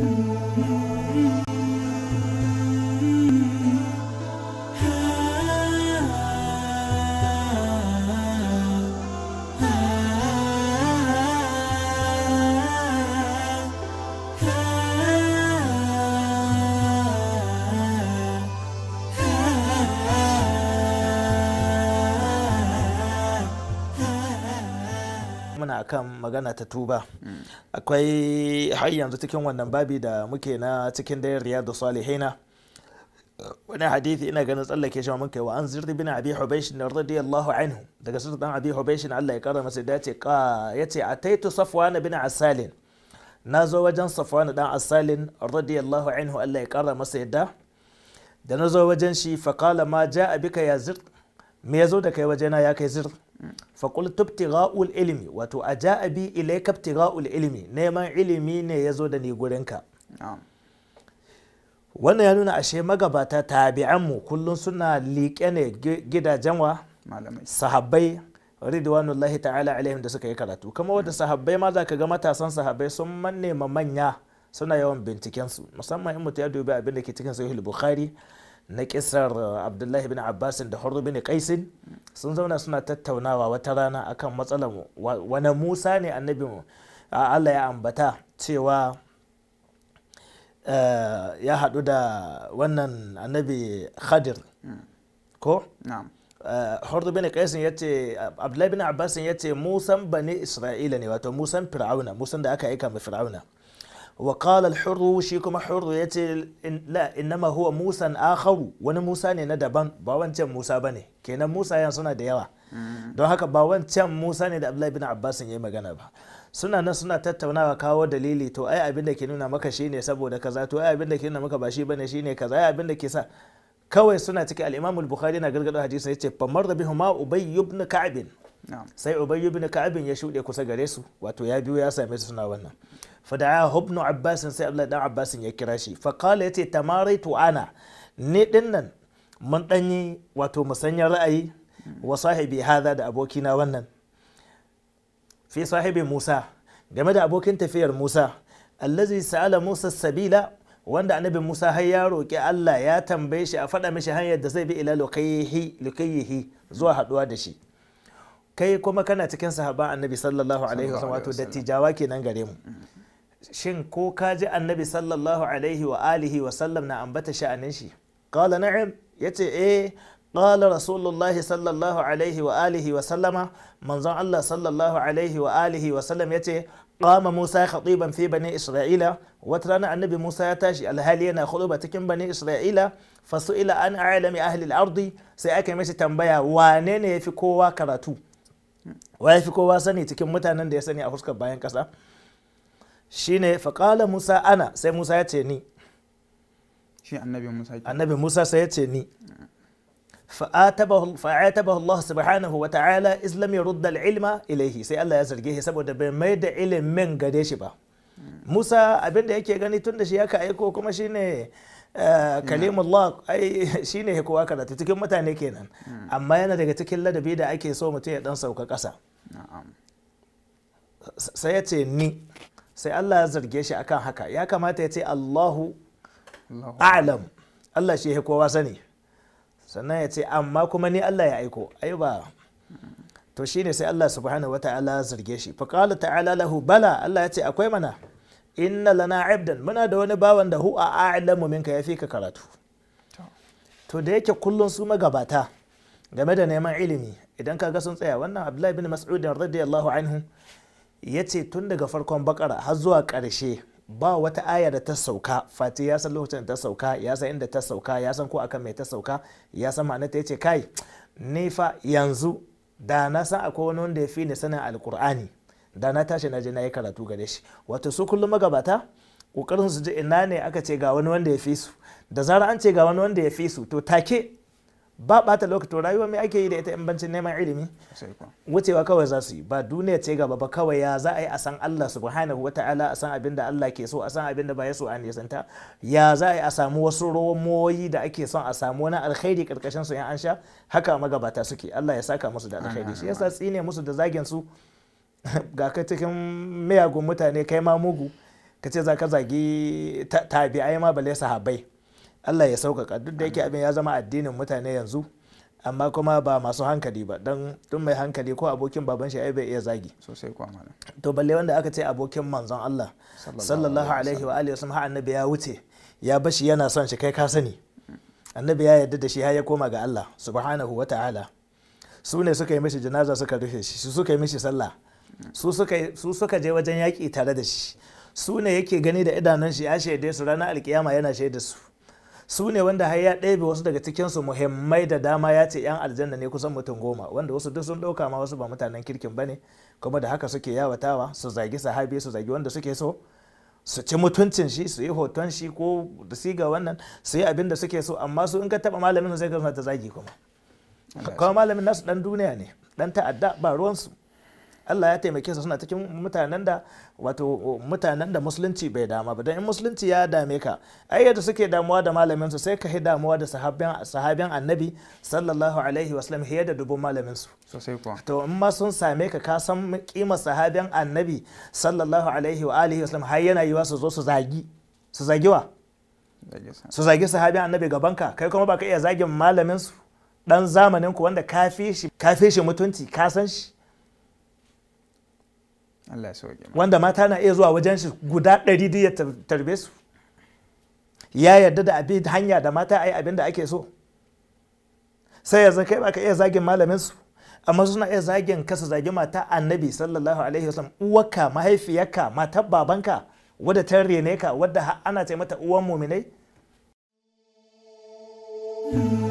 Mm-hmm. muna kan magana ta tuba akwai har yanzu cikin wannan babi da muke na cikin dai riyadu salihaina wani hadithi ina ganin tsallake shi mun kai wa an zirri bin abi hubaish radiyallahu anhu daga sun dan abi hubaish Allah ya kara masa dace ka yace ataitu safwan bin asalin na zo wajen safwan dan asalin radiyallahu anhu Allah ya kara masa yadda da na zo wajen shi faqala ma jaa bika ya zirri me ya zo da kai na ya kai zir faqul ra'ul ilimi wato a ja abi bi ilayka ra'ul ilimi neman ilimi ne ya zo da ni gurinka wannan ya nuna ashe magabata mu kullum suna liƙe ne gidajen wa sahabbai ridwanullahi ta'ala alaihim da suka yi karatu kuma wadda sahabbai ma za ka ga matasan sahabbai sun manne ma manya suna yawan binciken su musamman in mutum ya dubi abin da ke cikin sahih bukhari na kisar uh, abdullahi bin abbasin da hurru bin kaisin sun zauna suna tattaunawa wata rana akan matsalar wani musa ne annabin allah ya ambata cewa uh, ya haɗu da wannan annabi khadir ko? Uh, hurdu bin kaisin ya ce abdullahi bin abbasin ya ce musan bani isra'ila ne wato musan fir'auna musan da aka aika ma fir'auna wa qala al-hurr shi kuma hurr yace la innama huwa musan akharu wani musa ne na daban ba wancan musa bane kenan musa yan suna da yawa don haka ba wancan musa ne da abdullahi bin abbas yayi magana ba suna nan suna tattaunawa kawo dalili to ai abin da maka shine saboda kaza to ai abin da ke nuna maka shi bane kaza ai abin da kawai suna ciki al-imam al-bukhari na gargado hadisi yace famar da bihuma ubay ibn ka'b sai ubay ibn ka'b ya shuɗe kusa gare su wato ya biyu ya same su suna wannan fada'a ibn abbas sai abdullahi dan abbas ya kira shi fa qala yace tamaraitu ana ne dinnan mun danyi wato musanyar ra'ayi wa sahibi hada da abokina wannan musa game da abokin tafiyar musa allazi sa'ala musa sabila wanda annabi musa har ya roki allah ya tambaye shi a faɗa mishi hanyar da zai bi ila lukayihi zuwa haɗuwa da shi kai kuma kana cikin sahaba annabi sallallahu alaihi wasallam wato dattijawa kenan gare mu shin ko ka ji annabi sallallahu alaihi wa alihi wa sallam na ambata sha'anin shi qala na'am yace eh qala rasulullah sallallahu alaihi wa alihi wa sallama manzon Allah sallallahu alaihi wa alihi wa sallam yace qama Musa khatiban fi bani Isra'ila wata rana annabi Musa ya tashi alhali yana khutba cikin bani Isra'ila fasu'ila an a'lami ahli al-ardi sai aka mishi tambaya wane ne yafi kowa karatu wa yafi kowa sani cikin mutanen da ya sani a huskar bayan kasa shine faƙala musa ana sai musa ya ce ni shi annabi musa annabi musa sai ya ce ni fa'atabahu Allah subhanahu wa ta'ala islam ya rudda ilma ilaihi sai Allah ya zarge shi saboda bai mai da ilimin gare shi ba Musa abinda da yake gani tun da shi yaka aiko kuma shine eh, kalimullah ai shine ne kowa karatu cikin mutane kenan amma yana daga cikin ladabi da ake so mutum ya dan sauka ƙasa sai ya ce ni sai Allah ya zarge shi akan haka ya kamata ya ce Allahu a'lam Allah shi ya kowa sani sannan ya ce amma kuma ni Allah ya aiko ai ba to shine sai Allah subhanahu wata'ala ya zarge shi fa qala ta'ala lahu bala Allah ya ce akwai mana inna lana abdan muna da wani bawan da hu a a'lamu minka yafi ka karatu to da yake kullun su magabata game da neman ilimi idan ka ga sun tsaya wannan Abdullahi bin Mas'ud radiyallahu anhu ya ce tun daga farkon bakara har zuwa ƙarshe ba wata aya da ta sauka fati ya san lokacin da ta sauka ya san inda ta sauka ya san ko akan mai ta sauka ya san ma'ana ta ce kai ni fa yanzu da na san akwai wani wanda ya fi ni sanin alkur'ani da na tashi na je na yi karatu gare shi wato su kullum magabata kokarin su ji ina ne aka ce ga wani wanda ya fi su da zarar an ce ga wani wanda ya fi su to take ba bata lokaci to rayuwa me ake yi da ita in bancin neman ilimi wucewa kawai za su yi ba duniya ce gaba ba kawai ya za a yi a san Allah subhanahu ta'ala a san abin da Allah ke so a san abin da ba ya so a nisanta ya za a yi a samu wasu romoyi da ake son a samu wani alkhairi karkashin su an sha haka magabata suke Allah ya saka musu da alkhairi shi yasa tsine musu da zagin su ga ka cikin miyagun mutane kai ma mugu ka ce za ka zagi tabi'ai ma bale sahabbai Allah ya sauƙaƙa duk da yake abin ya zama addinin mutane yanzu amma kuma ba masu hankali ba don tun mai hankali ko abokin baban shi ai bai iya zagi sosai kuwa malam to balle wanda aka ce abokin manzon Allah sallallahu alaihi wa alihi wasallam annabi ya wuce ya bashi yana son shi kai ka sani annabi ya yarda da shi ya koma ga Allah subhanahu wa ta'ala su ne suka yi mishi janaza suka rufe shi su suka yi mishi sallah su suka je wajen yaki tare da shi su ne yake gani da idanun shi ya shaide su ranar alkiyama yana shaida su su ne wanda har ya ɗebe wasu daga cikin su muhimmai da dama ya ce 'yan aljanna ne kusan mutum goma wanda wasu duk sun ɗauka ma wasu ba mutanen kirkin ba ne kuma da haka suke yawatawa su zagi sahabi su zagi wanda suke so su ci mutuncin shi su yi hoton shi ko da siga wannan su yi abin da suke so amma su in ka taba malamin zai ka ta zagi kuma kuma malamin nasu dan duniya ne dan ta'adda ba ruwansu Allah ya taimake su suna cikin mutanen da wato mutanen da musulunci bai dama ba dan in musulunci ya dame ka ai yadda suke damuwa da malamin su sai ka hi damuwa da sahabban sahabban annabi sallallahu alaihi wasallam hiya da dubun malamin su to in ma sun same ka ka san kimar sahabban annabi sallallahu alaihi wa alihi wasallam har yana yiwa su zo su zagi su zagiwa su zagi sahabin annabi gabanka kai kuma ba ka iya zagin malamin su dan zamanin ku wanda ka fi shi mutunci ka san shi wanda mata na iya zuwa wajen shi guda ɗari da ya tarbe su ya yarda da abin hanya da mata a yi abin da ake so sai yanzu kai baka iya zagin malamin su amma suna iya zagin kasa zagi mata annabi sallallahu alaihi wasallam uwarka mahaifiyarka matar babanka wadda ta rene ka wadda ana ce mata uwan muminai hmm.